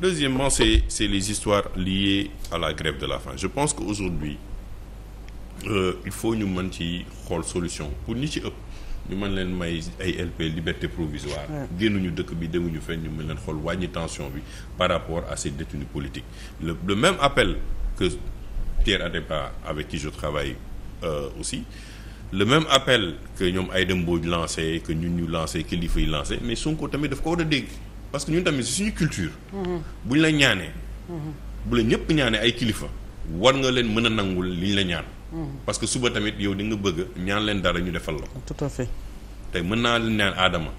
Deuxièmement, c'est c'est les histoires liées à la grève de la faim. Je pense qu'aujourd'hui euh, il faut ñu mën ci xool solution pour ñi ci ëpp ñu mën leen may ay LP liberté provisoire génnuñu dëkk bi demuñu fenn ñu mën leen xool wàññi tension bi par rapport à ces détenus politiques le, le même appel que Pierre Adepa avec qui je travaille euh, aussi le même appel que ñoom Aïda Mbodj lancé que ñun ñu lancé kilifa yi lancé mais Sonko tamit daf ko war a dégg parce que ñun tamit suñu culture. Mhm. bu ñu la ñaanee. Mhm. bu la ñëpp ñaanee ay kilifa. war nga leen mën a nangul liñ la ñaan. Mhm. parce que suba tamit yow di nga bëgg ñaan leen dara ñu defal la ko. tout à mën naa leen ñaan aadama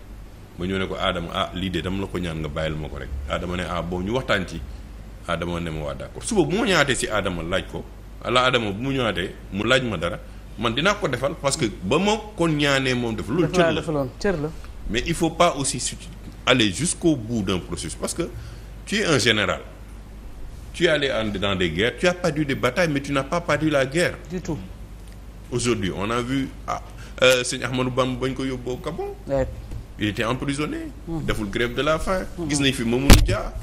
ba ñëw ko aadama ah lii de la ko ñaan nga bàyyil ma ko rek aadama ne ah ñu waxtaan ci aadama ne ma waa suba bu ma ñëwaatee si aadama laaj ko ala aadama bu mu ñëwaatee mu laaj ma dara man dinaa ko defal parce que ba ma kon ñaanee moom def loolu cër la mais il faut pas aussi aller jusqu'au bout d'un processus parce que tu es un général tu es allé en, dans des guerres tu as perdu des batailles mais tu n'as pas perdu la guerre du tout aujourd'hui on a vu ah euh, sëñ Ahmadou Bamba bañ ko yóbboo Gabon il était emprisonné hmm. deful grève de la faim hmm. gis nañ fi Mamoudou Dia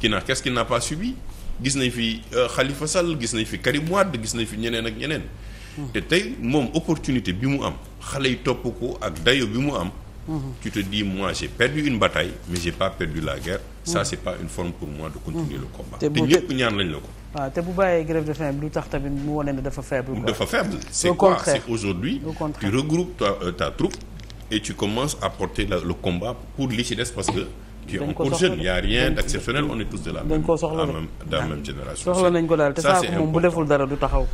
qui n'a qu'est-ce n'a pas subi gis nañ fi euh, Khalifa Sall gis nañ fi Karim Wade gis nañ fi ñeneen ak ñeneen hmm. te tey moom opportunité bi mu am xale yi topp ko ak dayo bi mu am Mm-hmm. tu te dis moi j'ai perdu une bataille mais j'ai pas perdu la guerre ça mm-hmm. c'est pas une forme pour moi de continuer mm-hmm. le combat te ñëpp ñaan lañ la ko ah, te bu bàyyee grève de faim bi lu tax tamit mu wane dafa faible dafa faible c'est quoi c'est aujourd'hui tu regroupes ta euh, ta et tu commences à porter le combat pour li ci des parce que tu es encore jeune y rien d'exceptionnel on est tous de la même génération soxla nañ ko daal te saa moom bu deful